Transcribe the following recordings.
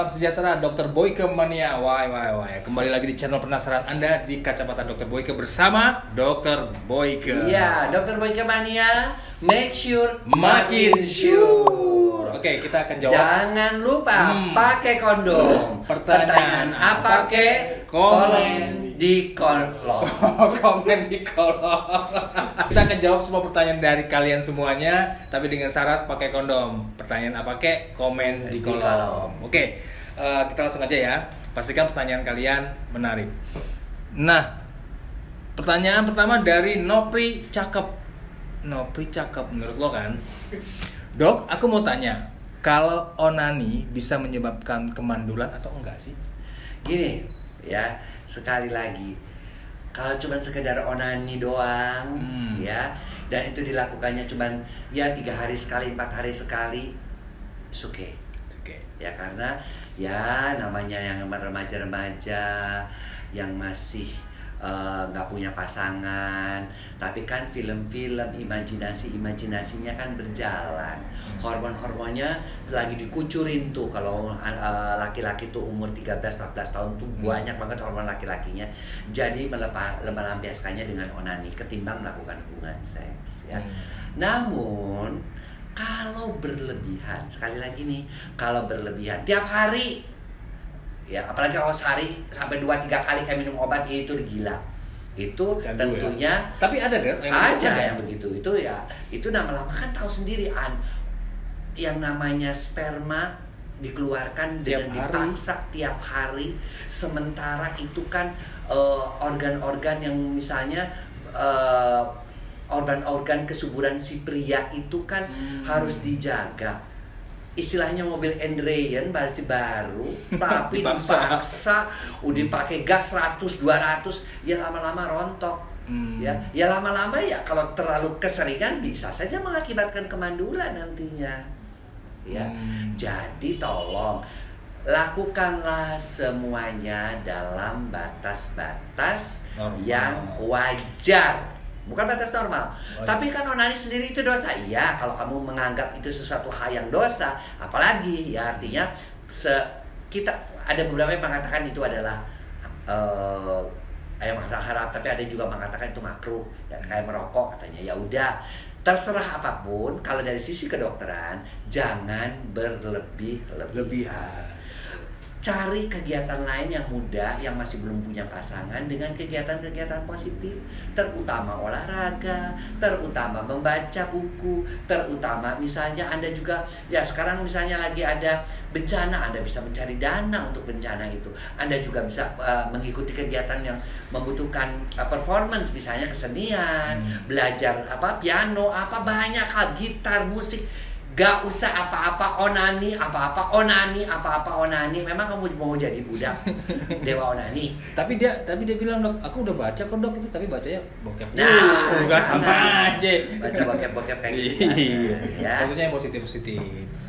Salam sejahtera, Dr. Boyke Mania. Wah, wah, wah. Kembali lagi di channel penasaran Anda di kacamata Dr. Boyke bersama Dr. Boyke. Iya, Dr. Boyke Mania. Make sure makin sure. Oke, okay, kita akan jawab. Jangan lupa hmm. pakai kondom. Pertanyaan, Pertanyaan apa ke kolom di kolom. komen di kolom. Kita akan jawab semua pertanyaan dari kalian semuanya, tapi dengan syarat pakai kondom. Pertanyaan apa kek? Komen di, kolom. Oke. Eh, kita langsung aja ya. Pastikan pertanyaan kalian menarik. Nah, pertanyaan pertama dari Nopri Cakep. Nopri Cakep menurut lo kan? Dok, aku mau tanya, kalau onani bisa menyebabkan kemandulan atau enggak sih? Gini, ya, sekali lagi. Kalau cuma sekedar onani doang, hmm. ya, dan itu dilakukannya cuma ya tiga hari sekali, empat hari sekali, suke. Okay juga ya karena ya namanya yang remaja-remaja yang masih eh, nggak uh, punya pasangan tapi kan film-film imajinasi imajinasinya kan berjalan hormon-hormonnya lagi dikucurin tuh kalau uh, laki-laki tuh umur 13-14 tahun tuh hmm. banyak banget hormon laki-lakinya jadi melepah, melampiaskannya dengan onani ketimbang melakukan hubungan seks ya hmm. namun kalau berlebihan sekali lagi nih kalau berlebihan tiap hari ya apalagi kalau sehari sampai dua tiga kali kayak minum obat ya itu gila itu Jadu ya? tentunya ya. tapi ada kan yang ada yang begitu itu ya itu nama lama kan tahu sendiri an yang namanya sperma dikeluarkan tiap dengan hari. tiap hari sementara itu kan eh, organ-organ uh, yang misalnya uh, organ-organ kesuburan si pria itu kan hmm. harus dijaga istilahnya mobil Andrean masih baru tapi dipaksa, dipaksa udah pakai gas 100 200 ya lama-lama rontok hmm. ya ya lama-lama ya kalau terlalu keseringan bisa saja mengakibatkan kemandulan nantinya ya hmm. jadi tolong lakukanlah semuanya dalam batas-batas yang wajar bukan batas normal. Oh, iya. Tapi kan onani sendiri itu dosa. Iya, kalau kamu menganggap itu sesuatu hal yang dosa, apalagi ya artinya se kita ada beberapa yang mengatakan itu adalah uh, ayam harap harap tapi ada juga mengatakan itu makruh ya, kayak merokok katanya ya udah terserah apapun kalau dari sisi kedokteran jangan berlebih lebihan cari kegiatan lain yang muda yang masih belum punya pasangan dengan kegiatan-kegiatan positif terutama olahraga terutama membaca buku terutama misalnya anda juga ya sekarang misalnya lagi ada bencana anda bisa mencari dana untuk bencana itu anda juga bisa uh, mengikuti kegiatan yang membutuhkan uh, performance misalnya kesenian hmm. belajar apa piano apa banyak hal gitar musik Gak usah apa-apa onani, apa-apa onani, apa-apa onani. Memang kamu mau jadi budak dewa onani. Tapi dia, tapi dia bilang dok, aku udah baca kok dok itu, tapi bacanya bokep. Nah, oh, uh, gak sama aja. Baca bokep-bokep kayak gitu. Iya. Ya. Maksudnya yang positif positif.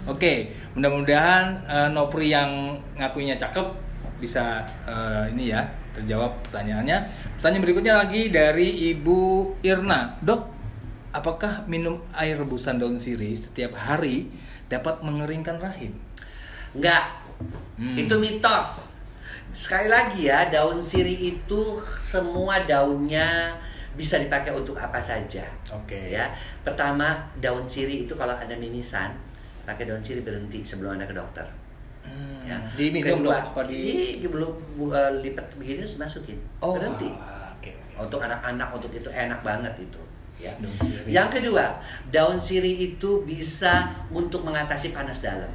Oke, mudah-mudahan uh, Nopri yang ngakuinya cakep bisa uh, ini ya terjawab pertanyaannya. Pertanyaan berikutnya lagi dari Ibu Irna, dok Apakah minum air rebusan daun sirih setiap hari dapat mengeringkan rahim? Enggak. Hmm. Itu mitos. Sekali lagi ya, daun sirih itu semua daunnya bisa dipakai untuk apa saja. Oke. Okay. Ya. Pertama, daun sirih itu kalau ada mimisan, pakai daun sirih berhenti sebelum Anda ke dokter. Hmm. Ya. Di dong apa di ini belum uh, eh, lipat begini masukin. Oh. Berhenti. Wow. Ah, okay. Untuk anak-anak untuk itu enak banget itu. Ya. Yang kedua, daun sirih itu bisa untuk mengatasi panas dalam.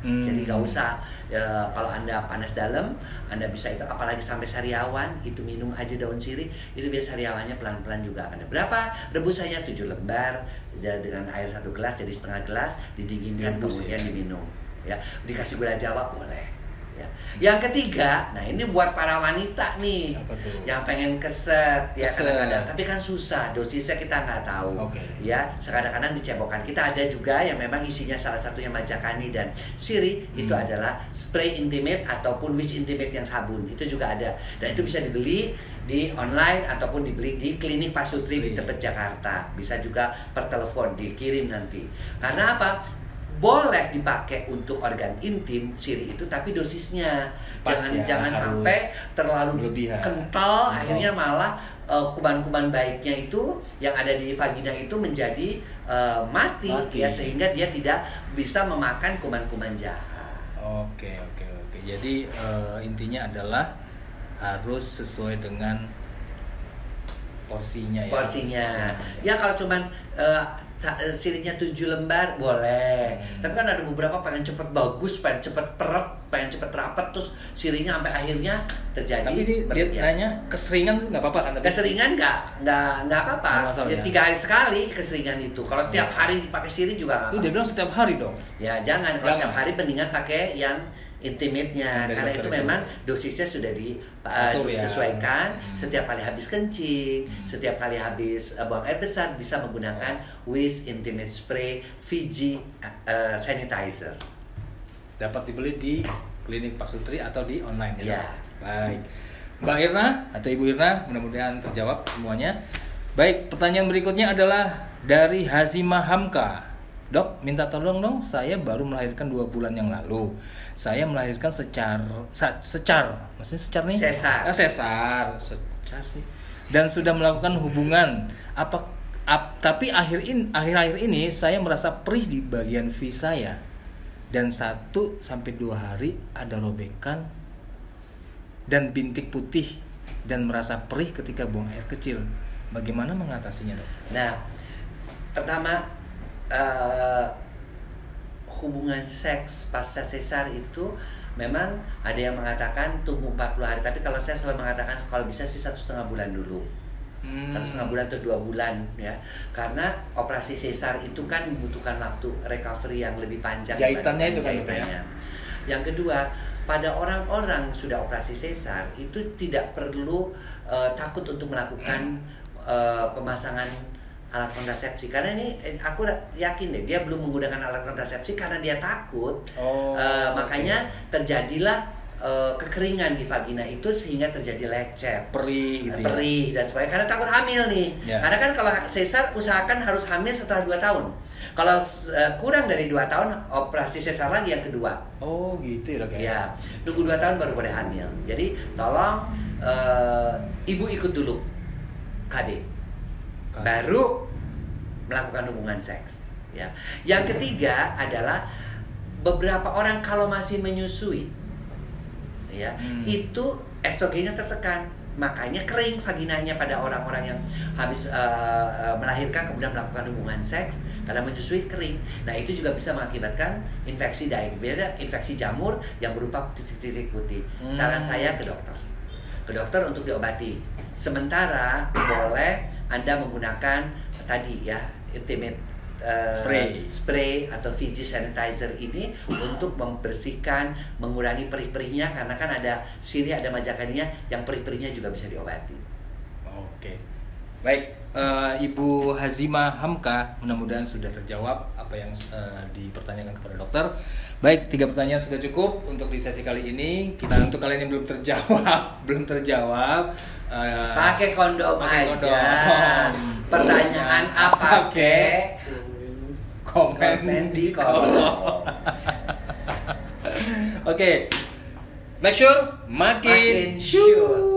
Hmm. Jadi gak usah e, kalau anda panas dalam, anda bisa itu apalagi sampai sariawan itu minum aja daun sirih itu biasa sariawannya pelan-pelan juga Anda ada. Berapa Rebusannya tujuh 7 lembar dengan air satu gelas jadi setengah gelas didinginkan rebus, kemudian ya. diminum. Ya dikasih gula jawa boleh Ya. Yang ketiga, nah ini buat para wanita nih yang pengen keset ya kadang-kadang, tapi kan susah dosisnya kita nggak tahu. Okay. Ya, sekadang kadang dicebokan. Kita ada juga yang memang isinya salah satunya majakani dan siri hmm. itu adalah spray intimate ataupun wish intimate yang sabun itu juga ada dan itu bisa dibeli di online ataupun dibeli di klinik Sutri di tempat Jakarta. Bisa juga per telepon dikirim nanti. Karena apa? boleh dipakai untuk organ intim siri itu tapi dosisnya Pas jangan ya, jangan sampai terlalu berlebihan. kental oh. akhirnya malah eh, kuman-kuman uh, baiknya itu yang ada di vagina itu menjadi uh, mati, mati ya sehingga dia tidak bisa memakan kuman-kuman jahat. Oke oke oke. Jadi uh, intinya adalah harus sesuai dengan porsinya ya. Porsinya. Ya kalau cuman uh, Eh, sirinya tujuh lembar boleh hmm. tapi kan ada beberapa pengen cepet bagus pengen cepet peret pengen cepet rapet terus sirinya sampai akhirnya terjadi tapi ini dia nanya keseringan nggak apa-apa kan keseringan nggak nggak nggak apa-apa ya, ya, tiga hari sekali keseringan itu kalau iya. tiap hari dipakai sirih juga itu apa. dia bilang setiap hari dong ya jangan kalau setiap hari mendingan pakai yang intimate-nya karena itu, itu memang dosisnya sudah uh, ya. disesuaikan uh, ya. setiap kali habis kencing hmm. setiap kali habis uh, buang air besar bisa menggunakan oh. Wis Intimate Spray Fiji uh, Sanitizer dapat dibeli di klinik Pak Sutri atau di online ya, ya. baik Mbak Irna atau Ibu Irna mudah-mudahan terjawab semuanya baik pertanyaan berikutnya adalah dari Hazimah Hamka Dok, minta tolong dong, saya baru melahirkan dua bulan yang lalu. Saya melahirkan secara secara, maksudnya secara nih? Sesar. Oh, sesar, secar sih. Dan sudah melakukan hubungan. Apa? Ap, tapi akhir in, akhir-akhir ini saya merasa perih di bagian V saya. Dan satu sampai dua hari ada robekan dan bintik putih dan merasa perih ketika buang air kecil. Bagaimana mengatasinya dok? Nah, pertama uh, hubungan seks pasca sesar itu memang ada yang mengatakan tunggu 40 hari tapi kalau saya selalu mengatakan kalau bisa sih satu setengah bulan dulu hmm. satu setengah bulan atau dua bulan ya karena operasi sesar itu kan membutuhkan waktu recovery yang lebih panjang jahitannya itu kan ya? jahitannya. yang kedua pada orang-orang sudah operasi sesar itu tidak perlu uh, takut untuk melakukan hmm. uh, pemasangan alat kontrasepsi karena ini eh, aku yakin deh dia belum menggunakan alat kontrasepsi karena dia takut oh, uh, makanya okay. terjadilah uh, kekeringan di vagina itu sehingga terjadi lecet perih gitu ya? perih ya? dan sebagainya karena takut hamil nih yeah. karena kan kalau sesar usahakan harus hamil setelah dua tahun kalau uh, kurang dari dua tahun operasi sesar lagi yang kedua oh gitu ya okay. ya tunggu iya. 2 tahun baru boleh hamil jadi tolong uh, ibu ikut dulu KD baru melakukan hubungan seks ya yang ketiga adalah beberapa orang kalau masih menyusui ya hmm. itu estrogennya tertekan makanya kering vaginanya pada orang-orang yang habis uh, melahirkan kemudian melakukan hubungan seks karena menyusui kering. Nah itu juga bisa mengakibatkan infeksi diabetes, infeksi jamur yang berupa titik-titik putih. Hmm. Saran saya ke dokter, ke dokter untuk diobati Sementara boleh Anda menggunakan tadi ya intimate eh, spray spray atau Fiji sanitizer ini untuk membersihkan, mengurangi perih-perihnya karena kan ada sirih, ada majakannya yang perih-perihnya juga bisa diobati. Oke. Okay. Baik, uh, Ibu Hazima Hamka, mudah-mudahan sudah terjawab apa yang uh, dipertanyakan kepada dokter. Baik, tiga pertanyaan sudah cukup untuk di sesi kali ini. Kita untuk kalian yang belum terjawab, belum terjawab, uh, pakai kondom pakai aja. Kondom. Pertanyaan apa Oke, Komen, Komen di kolom. Oke. Okay. Make sure makin, makin sure. sure.